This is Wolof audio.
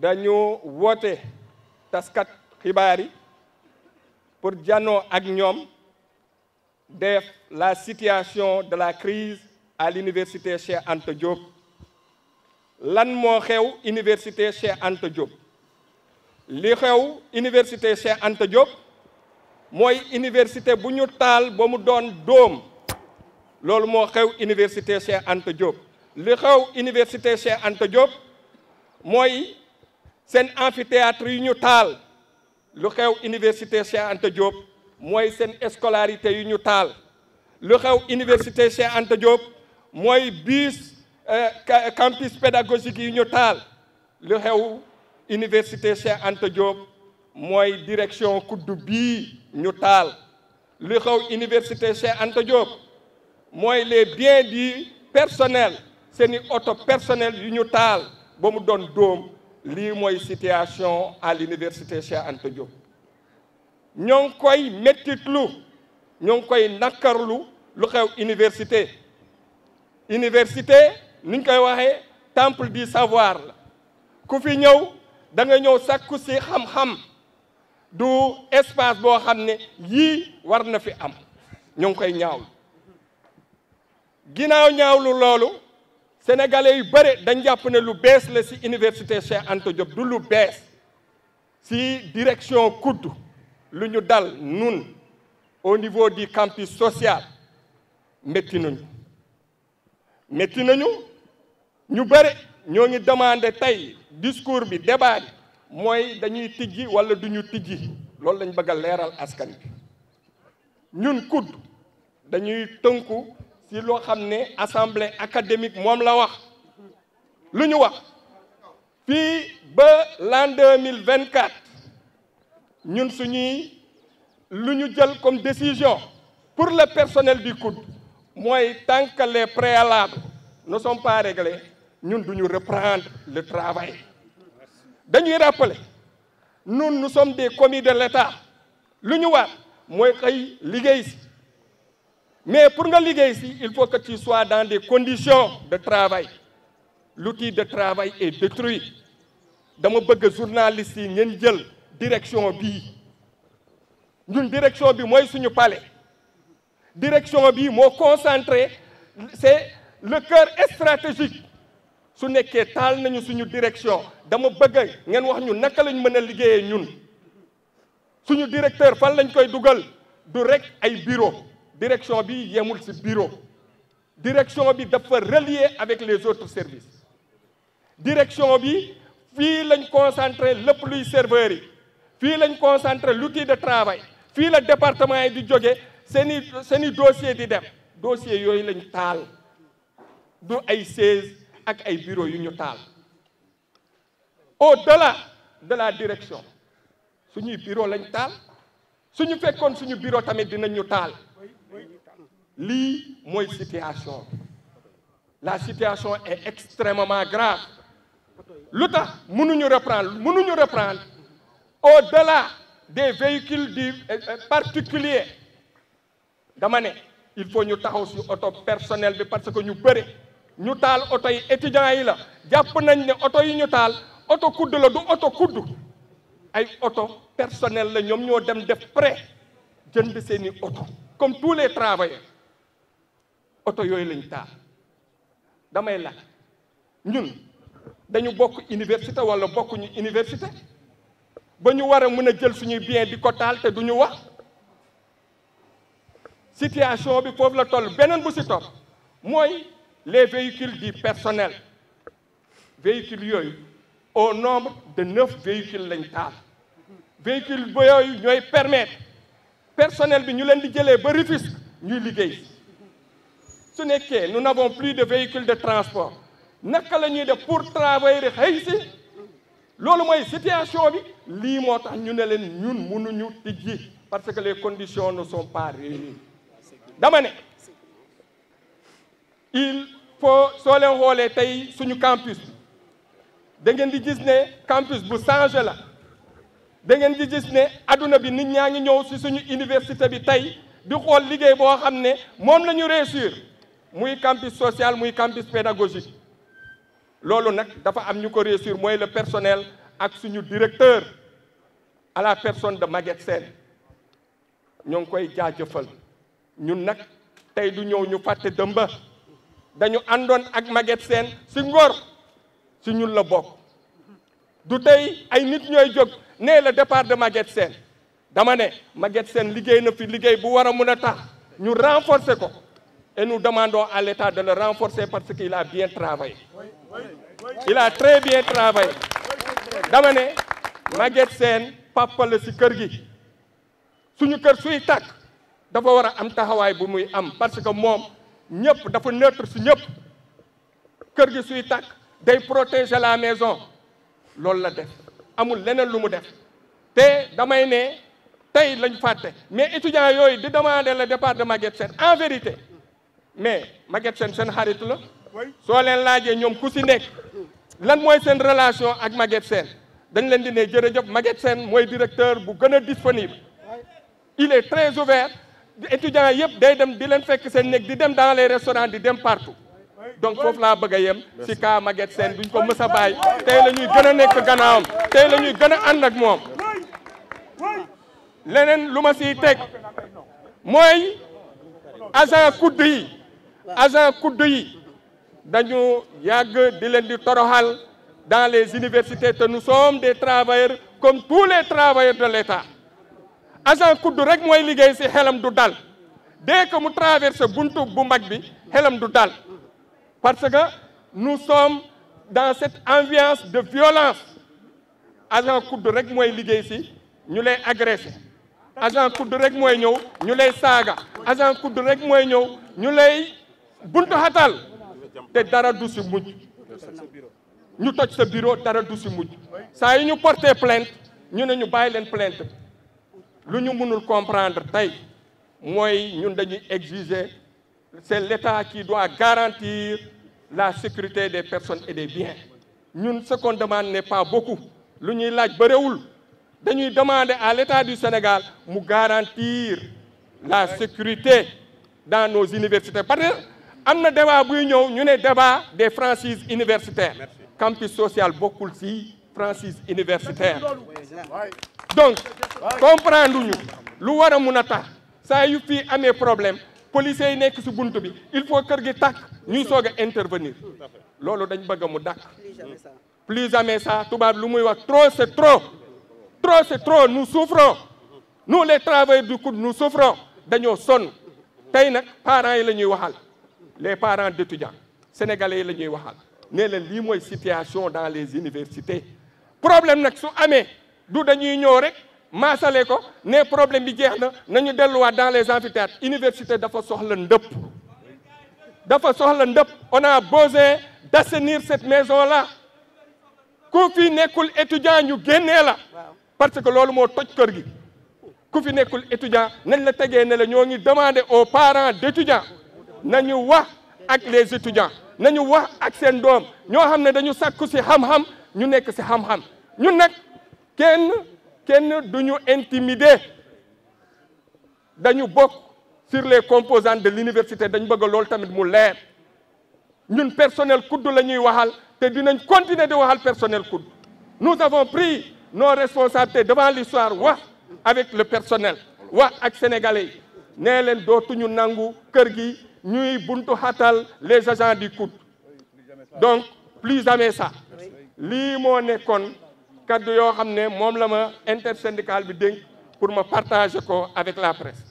dañu woote taskat xibaar yi pour jànnoo ak ñoom def la situation de la crise à l'université Cheikh Anta Diop lan moo xew université Cheikh Anta Diop li xew université Cheikh Anta Diop mooy université bu ñu taal ba mu doon dóom loolu moo xew université Cheikh Anta Diop li xew université Cheikh Anta Diop mooy seen amphithéâtre yu ñu taal lu xew université Cheikh Anta Diop mooy seen scolarité yu ñu taal lu xew université Cheikh Anta Diop mooy bus euh, campus pédagogique yu ñu taal lu xew université Cheikh Anta Diop mooy direction kuddu bii ñu taal lu xew université Cheikh Anta Diop mooy les biens dits personnels seeni oto personnel yu ñu taal ba mu doon dóom lii mooy situation à l'université Cheikh Anta Diop ñoo ngi koy mettitlu ñoo ngi koy nakkarlu lu xew université université niñ koy waxee temple du savoir la ku fi ñëw da nga ñëw sakku si xam-xam du espace boo xam ne yii war na fi am ñoo ngi koy ñaawlu ginnaaw ñaaw lu loolu sénégalais yu bëri dañ jàpp ne lu bees la si université Cheikh Anta Diop du lu bees si direction COUD lu ñu dal nun au niveau di campus social métti nañu metti nañu ñu bëri ñoo ngi demandé tey discours bi débat bi mooy dañuy tijji wala duñu tijji loolu lañ bëgg a leeral askan bi ñun COUD dañuy tënku si loo xam ne assemblée académique moom la wax lu ñu wax fii ba l'an deux mille vingt quatre ñun suñuy lu ñu jël comme décision pour le personnel du COUD mooy tant que les préalables ne pas réglés ñun duñu reprendre le travail dañuy rappeler ñun nous sommes des commis de l'État lu ñu wax mooy xëy liggéey si mais pour nga liggéey si il faut que ci sois dans de conditions de travail l'outil de travail est détruit dama bëgg journaliste yi ngeen jël direction bii ñun direction bi mooy suñu palais direction bii moo concentré c'est le cœur stratégique su nekkee taal nañu suñu direction dama bëgg ngeen wax ñu naka lañ mën a liggéeyee ñun suñu directeur fan lañ koy dugal du rek ay bureau direction bi yemul si bureau direction bi dafa relier avec les autres services direction bi fii lañ concentrer lépp luy serveurs yi fii lañ concentrer l'outil de travail fii la département yi di jóge seeni seeni dossier di dem dossier yooyu lañ taal du ay sièges ak ay bureaux yu ñu taal au-delà de la direction suñuy bureau lañ taal suñu fekkoon suñu bureau tamit dinañ ñu taal lii mooy situation la situation est extrêmement grave lu tax mënuñu reprendre mënuñu reprendre au-delà des véhicules du euh, particulier dama ne il faut ñu taxaw ci oto personnel bi parce que ñu bëri ñu taal oto yi étudiants yi la jàpp nañ ne oto yi ñu taal oto kudd la du oto kudd ay oto personnel la ñoom ñoo dem def prêt jënd seeni oto comme tous les travailleurs oto yooyu lañ taal damay laaj ñun dañu bokk université wala bokkuñu université ba ñu war a mën a jël suñuy bien di ko taal te duñu wax situation bi foofu la toll beneen bu si topp mooy les véhicules du personnel véhicules yooyu au nombre de neuf véhicules lañ taal véhicules yooyu ñooy permettre personnel bi ñu leen di jëlee ba Rufisque ñuy liggéey su nekkee nous n'avons plus de véhicules de transport naka la ñuy def pour travailler xëy si loolu mooy situation bi lii moo tax ñu ne leen ñun mënuñu tijji parce que les conditions ne sont pas réunies dama ne il faut soo leen xoolee tey suñu campus da ngeen di gis ne campus bu changé la da ngeen di gis ne adduna bi nit ñaa ngi ñëw si suñu université bi tey di xool liggéey boo xam ne moom la ñu réussir muy campus social muy campus pédagogique loolu nag dafa am ñu ko réussir mooy le personnel ak suñu directeur à la personne de Maguette Sène ñoo ngi koy jaajëfal ñun nag tey du ñëw ñu fàtte dëmba dañu àndoon ak Maguette seen si ngor si ñun la bokk du tey ay nit ñooy jóg nee le départ de Maguette Sène dama ne Maguette seen liggéey na fi liggéey bu war a mun a tax ñu renforcer ko et nous demandons à l'État de le renforcer parce qu'il a bien travaillé. Il a très bien travaillé. dama ne Maguette Sène papa la ci kër gi suñu kër suy takk dafa war a am taxawaay bu muy am parce que moom ñëpp dafa neutre si ñëpp kër gi suy tàkk day protéger la maison loolu la def amul leneen lu mu def te damay ne tey lañ fàtte mais étudiants yooyu di demander le départ de Maguette Sène en vérité mais Maguette Sène seen xarit la soo leen laajee ñoom ku si nekk lan mooy seen relation ak Maguette Sène dañ leen di ne jërëjëf Maguette Sène mooy directeur bu gën a disponible il est très ouvert étudiants yëpp day dem di leen fekk seen nekk di dem dans les restaurants di dem partout donc foofu laa bëgg a yem si cas Maguette Sène duñ ko mës a bàyyi tey la ñuy gën a nekk gannaawam tey la ñuy gën a ànd ak moom leneen lu ma si teg mooy agent kudd yi agent kudd yi dañu yàgg di leen di toroxal dans les universités te nous sommes des travailleurs comme tous les travailleurs de l'État agent kudd rek mooy liggéey si xelam du dal dès que mu traverse buntu bu mag bi xelam du dal parce que nu sommes dans cette ambiance de violence agent kudd rek mooy liggéey si ñu lay agressé agent kudd rek mooy ñëw ñu lay saaga agent kudd rek mooy ñëw ñu lay buntu xatal te dara du si mujj ñu toj sa bureau dara du si mujj saa yi ñu porté plainte ñu ne ñu bàyyi leen plainte lu ñu mënul comprendre tey mooy ñun dañuy exiger c'est l'État qui doit garantir la sécurité des personnes et des biens ñun ce demande ne pas beaucoup lu ñuy laaj bëriwul dañuy demander à l'État du Sénégal mu garantir la sécurité dans nos universités am na débat buy ñëw ñu ne débat des franchises universitaires campus social bokkul ci franchise universitaire donc comprendre ñu lu war a mun a tax saa yu fii amee problème policiers yi nekk si bunt bi il faut kër gi takk ñuy soog a intervenir loolu dañ bëgg mu dàkk plus jamais ça tubaab lu muy wax trop c'est trop trop c'est trop nous souffrons nous les travailleurs du coup nous souffrons dañoo sonn tey nag parents yi la ñuy waxal les parents d'étudiants sénégalais yi la ñuy waxal ne leen lii mooy situation dans les universités problème nag su amee du dañuy ñëw rek maasale ko ne problème bi jeex na nañu delluwaat dans les amphithéâtres université dafa soxla ndëpp dafa soxla ndëpp on a besoin d'assainir cette maison là ku nekkul étudiant ñu génnee la parce que loolu moo toj kër gi ku fi nekkul étudiant nañ la tegee ne la ñoo ngi demander aux parents d'étudiants na nañu wax ak les étudiants nañu wax ak seen doom ñoo xam ne dañu sakku si xam-xam ñu nekk si xam-xam ñun nag kenn kenn du ñu intimider dañu bokk sur les composantes de l'université dañu bëgg loolu tamit mu leer ñun personnel kudd la ñuy waxal te dinañ continuer di waxal personnel kudd nous avons pris nos responsabilités devant l'histoire wax avec le personnel wax ak sénégalais yi nee leen dootuñu nangu kër gi ñuy buntu xatal les agents di COUD donc plus jamais ça lii moo nekkoon kaddu yoo xam ne moom la ma intersyndicale bi dénk pour ma partager ko avec la presse